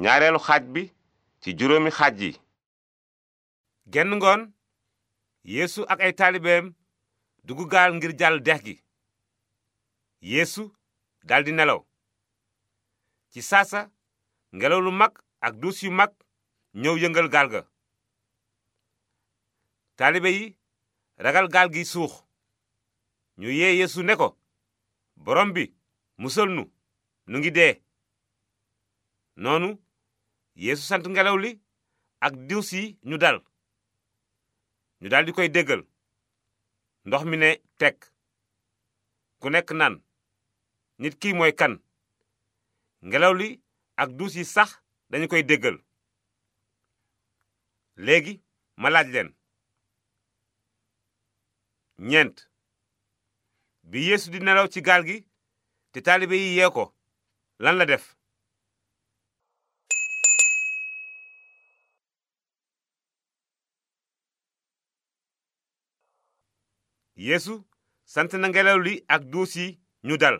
ñaareelu xaaj bi ci juróomi xaaj yi genn ngoon yéesu ak ay taalibeem dugg gaal ngir jàll dex gi yéesu daldi nelaw ci saasa ngelaw lu mag ak duus yu mag ñëw yëngal gaal ga taalibe yi ragal gaal gi suux ñu yee yeesu ne ko borom bi musal nu nu ngi dee noonu yéesu sant ngelaw li ak diw yi ñu dal ñu dal koy déggal ndox mi ne tekk ku nekk naan nit kii mooy kan ngelaw li ak duus yi sax dañu koy déggal léegi ma laaj leen ñeent bi yéesu di nelaw ci gaal gi te taalibe yi yee ko lan la def yéesu sant na ngelaw li ak duus yi ñu dal